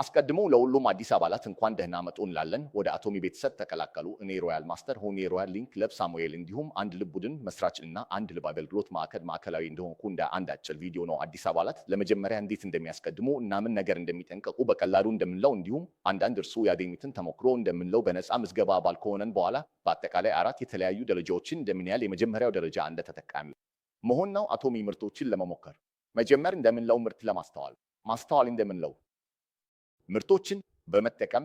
አስቀድሞ ለሁሉም አዲስ አባላት እንኳን ደህና መጡ እንላለን። ወደ አቶሚ ቤተሰብ ተቀላቀሉ። እኔ ሮያል ማስተር ሆኔ ሮያል ሊንክ ለብ ሳሙኤል እንዲሁም አንድ ልብ ቡድን መስራች እና አንድ ልብ አገልግሎት ማዕከል ማዕከላዊ እንደሆንኩ እንደ አንድ አጭር ቪዲዮ ነው። አዲስ አባላት ለመጀመሪያ እንዴት እንደሚያስቀድሙ እና ምን ነገር እንደሚጠንቀቁ በቀላሉ እንደምንለው እንዲሁም አንዳንድ እርሱ ያገኙትን ተሞክሮ እንደምንለው በነፃ ምዝገባ አባል ከሆነን በኋላ በአጠቃላይ አራት የተለያዩ ደረጃዎችን እንደምንያል የመጀመሪያው ደረጃ እንደ ተጠቃሚ መሆን ነው። አቶሚ ምርቶችን ለመሞከር መጀመር እንደምንለው ምርት ለማስተዋል ማስተዋል እንደምንለው ምርቶችን በመጠቀም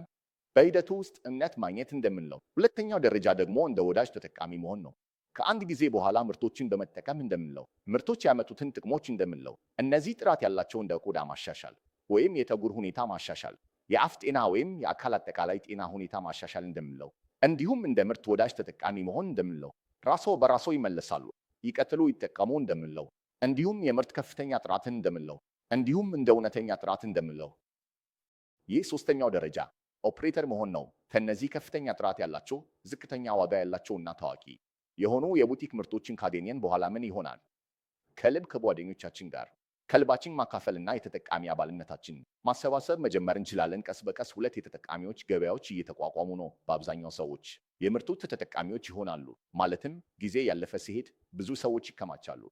በሂደቱ ውስጥ እምነት ማግኘት እንደምንለው፣ ሁለተኛው ደረጃ ደግሞ እንደ ወዳጅ ተጠቃሚ መሆን ነው። ከአንድ ጊዜ በኋላ ምርቶችን በመጠቀም እንደምንለው፣ ምርቶች ያመጡትን ጥቅሞች እንደምንለው፣ እነዚህ ጥራት ያላቸው እንደ ቆዳ ማሻሻል ወይም የተጉር ሁኔታ ማሻሻል፣ የአፍ ጤና ወይም የአካል አጠቃላይ ጤና ሁኔታ ማሻሻል እንደምንለው፣ እንዲሁም እንደ ምርት ወዳጅ ተጠቃሚ መሆን እንደምንለው፣ ራስዎ በራስዎ ይመለሳሉ፣ ይቀጥሉ፣ ይጠቀሙ እንደምንለው፣ እንዲሁም የምርት ከፍተኛ ጥራትን እንደምንለው፣ እንዲሁም እንደ እውነተኛ ጥራት እንደምንለው ይህ ሶስተኛው ደረጃ ኦፕሬተር መሆን ነው። ከነዚህ ከፍተኛ ጥራት ያላቸው፣ ዝቅተኛ ዋጋ ያላቸው እና ታዋቂ የሆኑ የቡቲክ ምርቶችን ካገኘን በኋላ ምን ይሆናል? ከልብ ከጓደኞቻችን ጋር ከልባችን ማካፈልና የተጠቃሚ አባልነታችን ማሰባሰብ መጀመር እንችላለን። ቀስ በቀስ ሁለት የተጠቃሚዎች ገበያዎች እየተቋቋሙ ነው። በአብዛኛው ሰዎች የምርቱ ተጠቃሚዎች ይሆናሉ። ማለትም ጊዜ ያለፈ ሲሄድ ብዙ ሰዎች ይከማቻሉ።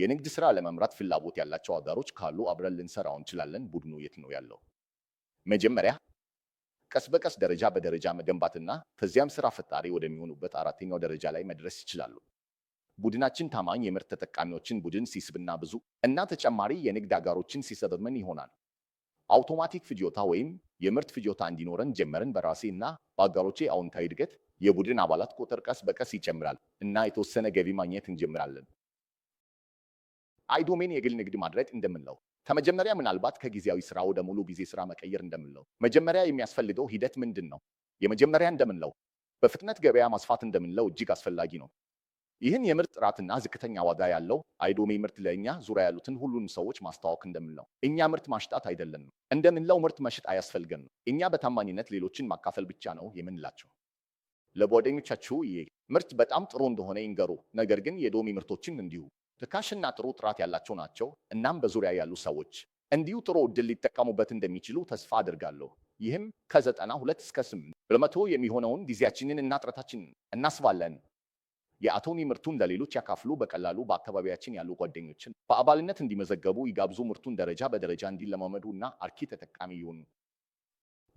የንግድ ስራ ለመምራት ፍላጎት ያላቸው አጋሮች ካሉ አብረን ልንሰራው እንችላለን። ቡድኑ የት ነው ያለው? መጀመሪያ ቀስ በቀስ ደረጃ በደረጃ መገንባትና ከዚያም ስራ ፈጣሪ ወደሚሆኑበት አራተኛው ደረጃ ላይ መድረስ ይችላሉ። ቡድናችን ታማኝ የምርት ተጠቃሚዎችን ቡድን ሲስብና ብዙ እና ተጨማሪ የንግድ አጋሮችን ሲሰበብ ምን ይሆናል? አውቶማቲክ ፍጆታ ወይም የምርት ፍጆታ እንዲኖረን ጀመርን። በራሴ እና በአጋሮቼ አዎንታዊ እድገት የቡድን አባላት ቁጥር ቀስ በቀስ ይጨምራል እና የተወሰነ ገቢ ማግኘት እንጀምራለን። አይዶሜን የግል ንግድ ማድረግ እንደምንለው ከመጀመሪያ ምናልባት ከጊዜያዊ ስራ ወደ ሙሉ ጊዜ ስራ መቀየር እንደምንለው መጀመሪያ የሚያስፈልገው ሂደት ምንድን ነው? የመጀመሪያ እንደምንለው በፍጥነት ገበያ ማስፋት እንደምንለው እጅግ አስፈላጊ ነው። ይህን የምርት ጥራትና ዝቅተኛ ዋጋ ያለው አይዶሜ ምርት ለእኛ ዙሪያ ያሉትን ሁሉንም ሰዎች ማስተዋወቅ እንደምንለው እኛ ምርት ማሽጣት አይደለም እንደምንለው ምርት መሸጥ አያስፈልገንም። እኛ በታማኝነት ሌሎችን ማካፈል ብቻ ነው የምንላቸው። ለጓደኞቻችሁ ይህ ምርት በጣም ጥሩ እንደሆነ ይንገሩ። ነገር ግን የዶሜ ምርቶችን እንዲሁ ትካሽና ጥሩ ጥራት ያላቸው ናቸው። እናም በዙሪያ ያሉ ሰዎች እንዲሁ ጥሩ እድል ሊጠቀሙበት እንደሚችሉ ተስፋ አድርጋለሁ። ይህም ከዘጠና ሁለት እስከ ስምንት በመቶ የሚሆነውን ጊዜያችንን እና ጥረታችንን እናስባለን። የአቶኒ ምርቱን ለሌሎች ያካፍሉ። በቀላሉ በአካባቢያችን ያሉ ጓደኞችን በአባልነት እንዲመዘገቡ ይጋብዙ። ምርቱን ደረጃ በደረጃ እንዲለማመዱ እና አርኪ ተጠቃሚ ይሁኑ።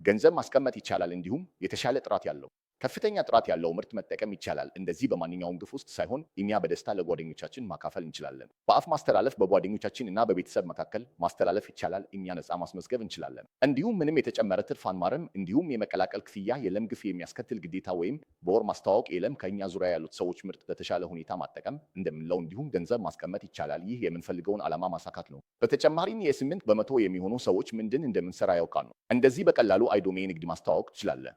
ገንዘብ ማስቀመጥ ይቻላል፣ እንዲሁም የተሻለ ጥራት ያለው ከፍተኛ ጥራት ያለው ምርት መጠቀም ይቻላል። እንደዚህ በማንኛውም ግፍ ውስጥ ሳይሆን እኛ በደስታ ለጓደኞቻችን ማካፈል እንችላለን። በአፍ ማስተላለፍ በጓደኞቻችን እና በቤተሰብ መካከል ማስተላለፍ ይቻላል። እኛ ነፃ ማስመዝገብ እንችላለን። እንዲሁም ምንም የተጨመረ ትርፍ አንማርም። እንዲሁም የመቀላቀል ክፍያ የለም። ግፍ የሚያስከትል ግዴታ ወይም በወር ማስተዋወቅ የለም። ከእኛ ዙሪያ ያሉት ሰዎች ምርት በተሻለ ሁኔታ ማጠቀም እንደምንለው እንዲሁም ገንዘብ ማስቀመጥ ይቻላል። ይህ የምንፈልገውን ዓላማ ማሳካት ነው። በተጨማሪም የስምንት በመቶ የሚሆኑ ሰዎች ምንድን እንደምንሰራ ያውቃሉ። እንደዚህ በቀላሉ አይዶሜ ንግድ ማስተዋወቅ ትችላለን።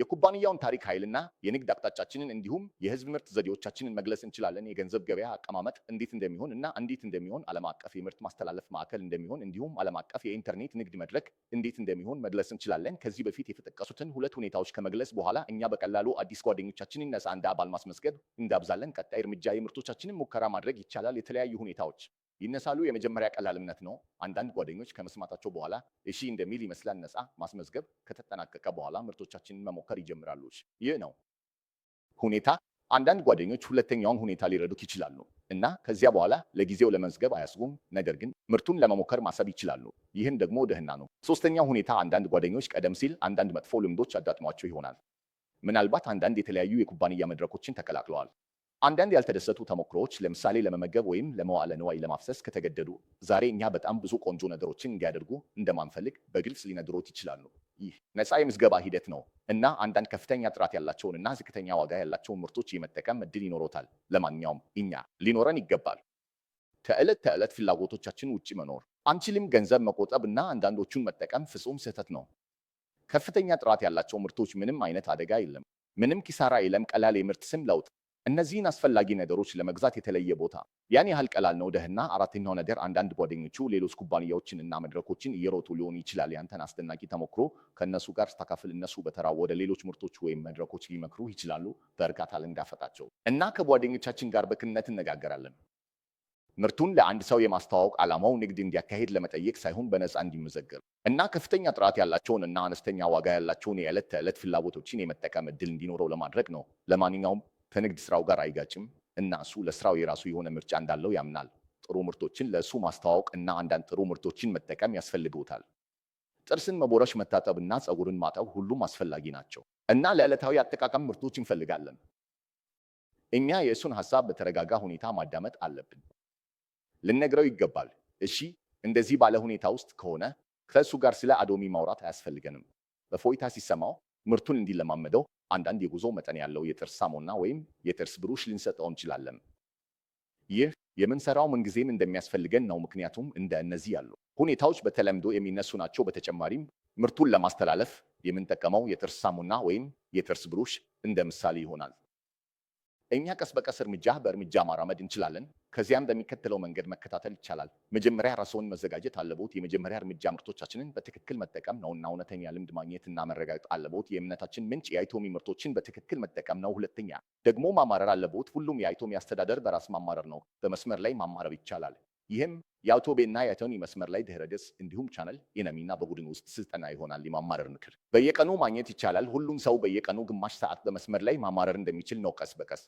የኩባንያውን ታሪክ ኃይልና የንግድ አቅጣጫችንን እንዲሁም የህዝብ ምርት ዘዴዎቻችንን መግለጽ እንችላለን። የገንዘብ ገበያ አቀማመጥ እንዴት እንደሚሆን እና እንዴት እንደሚሆን፣ ዓለም አቀፍ የምርት ማስተላለፍ ማዕከል እንደሚሆን እንዲሁም ዓለም አቀፍ የኢንተርኔት ንግድ መድረክ እንዴት እንደሚሆን መግለጽ እንችላለን። ከዚህ በፊት የተጠቀሱትን ሁለት ሁኔታዎች ከመግለጽ በኋላ እኛ በቀላሉ አዲስ ጓደኞቻችንን ነፃ እንደ አባል ማስመስገድ እንዳብዛለን። ቀጣይ እርምጃ የምርቶቻችንን ሙከራ ማድረግ ይቻላል። የተለያዩ ሁኔታዎች ይነሳሉ የመጀመሪያ ቀላል እምነት ነው። አንዳንድ ጓደኞች ከመስማታቸው በኋላ እሺ እንደሚል ይመስላል። ነፃ ማስመዝገብ ከተጠናቀቀ በኋላ ምርቶቻችንን መሞከር ይጀምራሉ። ይህ ነው ሁኔታ። አንዳንድ ጓደኞች ሁለተኛውን ሁኔታ ሊረዱት ይችላሉ እና ከዚያ በኋላ ለጊዜው ለመዝገብ አያስቡም፣ ነገር ግን ምርቱን ለመሞከር ማሰብ ይችላሉ። ይህም ደግሞ ደህና ነው። ሶስተኛው ሁኔታ አንዳንድ ጓደኞች ቀደም ሲል አንዳንድ መጥፎ ልምዶች አጋጥሟቸው ይሆናል። ምናልባት አንዳንድ የተለያዩ የኩባንያ መድረኮችን ተቀላቅለዋል አንዳንድ ያልተደሰቱ ተሞክሮዎች ለምሳሌ ለመመገብ ወይም ለመዋለ ንዋይ ለማፍሰስ ከተገደዱ ዛሬ እኛ በጣም ብዙ ቆንጆ ነገሮችን እንዲያደርጉ እንደማንፈልግ በግልጽ ሊነግሮት ይችላሉ። ይህ ነፃ የምዝገባ ሂደት ነው እና አንዳንድ ከፍተኛ ጥራት ያላቸውን እና ዝቅተኛ ዋጋ ያላቸውን ምርቶች የመጠቀም እድል ይኖሮታል። ለማንኛውም እኛ ሊኖረን ይገባል። ከዕለት ተዕለት ፍላጎቶቻችን ውጭ መኖር አንችልም። ገንዘብ መቆጠብ እና አንዳንዶቹን መጠቀም ፍጹም ስህተት ነው። ከፍተኛ ጥራት ያላቸው ምርቶች ምንም አይነት አደጋ የለም፣ ምንም ኪሳራ የለም። ቀላል የምርት ስም ለውጥ እነዚህን አስፈላጊ ነገሮች ለመግዛት የተለየ ቦታ ያን ያህል ቀላል ነው። ደህና አራተኛው ነገር አንዳንድ ጓደኞቹ ሌሎች ኩባንያዎችን እና መድረኮችን እየሮጡ ሊሆን ይችላል። ያንተን አስደናቂ ተሞክሮ ከእነሱ ጋር ስታካፍል እነሱ በተራ ወደ ሌሎች ምርቶች ወይም መድረኮች ሊመክሩ ይችላሉ። በእርካታ ልንዳፈጣቸው እና ከጓደኞቻችን ጋር በክነት እነጋገራለን። ምርቱን ለአንድ ሰው የማስተዋወቅ ዓላማው ንግድ እንዲያካሄድ ለመጠየቅ ሳይሆን በነፃ እንዲመዘገብ እና ከፍተኛ ጥራት ያላቸውን እና አነስተኛ ዋጋ ያላቸውን የዕለት ተዕለት ፍላጎቶችን የመጠቀም እድል እንዲኖረው ለማድረግ ነው። ለማንኛውም ከንግድ ስራው ጋር አይጋጭም እና እሱ ለስራው የራሱ የሆነ ምርጫ እንዳለው ያምናል። ጥሩ ምርቶችን ለእሱ ማስተዋወቅ እና አንዳንድ ጥሩ ምርቶችን መጠቀም ያስፈልግዎታል። ጥርስን መቦረሽ፣ መታጠብ እና ፀጉርን ማጠብ ሁሉም አስፈላጊ ናቸው እና ለዕለታዊ አጠቃቀም ምርቶች እንፈልጋለን። እኛ የእሱን ሀሳብ በተረጋጋ ሁኔታ ማዳመጥ አለብን። ልነግረው ይገባል። እሺ፣ እንደዚህ ባለ ሁኔታ ውስጥ ከሆነ ከእሱ ጋር ስለ አዶሚ ማውራት አያስፈልገንም። በፎይታ ሲሰማው ምርቱን እንዲለማመደው አንዳንድ የጉዞ መጠን ያለው የጥርስ ሳሙና ወይም የጥርስ ብሩሽ ልንሰጠው እንችላለን። ይህ የምንሰራው ምንጊዜም እንደሚያስፈልገን ነው፣ ምክንያቱም እንደ እነዚህ ያሉ ሁኔታዎች በተለምዶ የሚነሱ ናቸው። በተጨማሪም ምርቱን ለማስተላለፍ የምንጠቀመው የጥርስ ሳሙና ወይም የጥርስ ብሩሽ እንደ ምሳሌ ይሆናል። እኛ ቀስ በቀስ እርምጃ በእርምጃ ማራመድ እንችላለን። ከዚያም በሚከተለው መንገድ መከታተል ይቻላል። መጀመሪያ ራስዎን መዘጋጀት አለቦት። የመጀመሪያ እርምጃ ምርቶቻችንን በትክክል መጠቀም ነውና እውነተኛ ልምድ ማግኘትና መረጋገጥ አለቦት። የእምነታችን ምንጭ የአይቶሚ ምርቶችን በትክክል መጠቀም ነው። ሁለተኛ ደግሞ ማማረር አለቦት። ሁሉም የአይቶሚ አስተዳደር በራስ ማማረር ነው። በመስመር ላይ ማማረር ይቻላል። ይህም ቤና የቶኒ መስመር ላይ ገጽ እንዲሁም ቻናል የነሚና በቡድን ውስጥ ስልጠና ይሆናል። የማማረር ምክር በየቀኑ ማግኘት ይቻላል። ሁሉም ሰው በየቀኑ ግማሽ ሰዓት በመስመር ላይ ማማረር እንደሚችል ነው። ቀስ በቀስ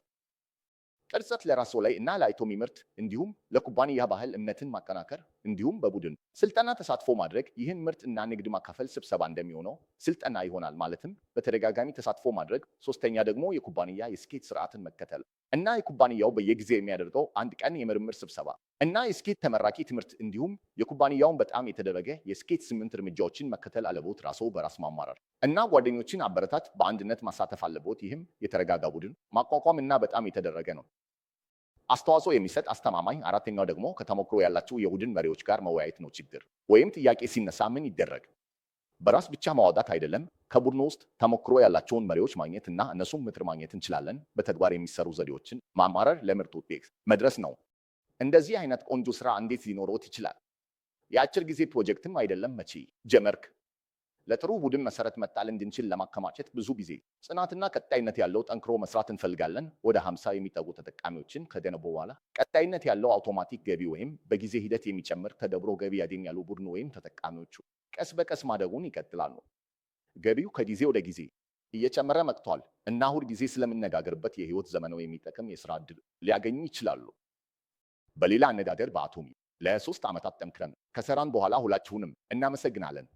ቅርጸት ለራስዎ ላይ እና ለአይቶሚ ምርት እንዲሁም ለኩባንያ ባህል እምነትን ማጠናከር እንዲሁም በቡድን ስልጠና ተሳትፎ ማድረግ ይህን ምርት እና ንግድ ማካፈል ስብሰባ እንደሚሆነው ስልጠና ይሆናል። ማለትም በተደጋጋሚ ተሳትፎ ማድረግ። ሶስተኛ ደግሞ የኩባንያ የስኬት ስርዓትን መከተል እና የኩባንያው በየጊዜው የሚያደርገው አንድ ቀን የምርምር ስብሰባ እና የስኬት ተመራቂ ትምህርት እንዲሁም የኩባንያውን በጣም የተደረገ የስኬት ስምንት እርምጃዎችን መከተል አለቦት። ራስዎ በራስ ማማራር እና ጓደኞችን አበረታት በአንድነት ማሳተፍ አለቦት። ይህም የተረጋጋ ቡድን ማቋቋም እና በጣም የተደረገ ነው አስተዋጽኦ የሚሰጥ አስተማማኝ። አራተኛው ደግሞ ከተሞክሮ ያላቸው የቡድን መሪዎች ጋር መወያየት ነው። ችግር ወይም ጥያቄ ሲነሳ ምን ይደረግ በራስ ብቻ ማዋጣት አይደለም። ከቡድኑ ውስጥ ተሞክሮ ያላቸውን መሪዎች ማግኘት እና እነሱም ምክር ማግኘት እንችላለን። በተግባር የሚሰሩ ዘዴዎችን ማማረር ለምርት ውጤት መድረስ ነው። እንደዚህ አይነት ቆንጆ ስራ እንዴት ሊኖረውት ይችላል? የአጭር ጊዜ ፕሮጀክትም አይደለም። መቼ ጀመርክ? ለጥሩ ቡድን መሰረት መጣል እንድንችል ለማከማቸት ብዙ ጊዜ ጽናትና ቀጣይነት ያለው ጠንክሮ መስራት እንፈልጋለን። ወደ ሀምሳ የሚጠጉ ተጠቃሚዎችን ከደነቦ በኋላ ቀጣይነት ያለው አውቶማቲክ ገቢ ወይም በጊዜ ሂደት የሚጨምር ከደብሮ ገቢ ያሉ ቡድን ወይም ተጠቃሚዎቹ ቀስ በቀስ ማደጉን ይቀጥላሉ። ገቢው ከጊዜ ወደ ጊዜ እየጨመረ መጥቷል እና ሁል ጊዜ ስለምነጋገርበት የህይወት ዘመነው የሚጠቅም የስራ እድል ሊያገኙ ይችላሉ። በሌላ አነዳደር በአቶሚ ለሶስት ዓመታት ጠንክረን ከሰራን በኋላ ሁላችሁንም እናመሰግናለን።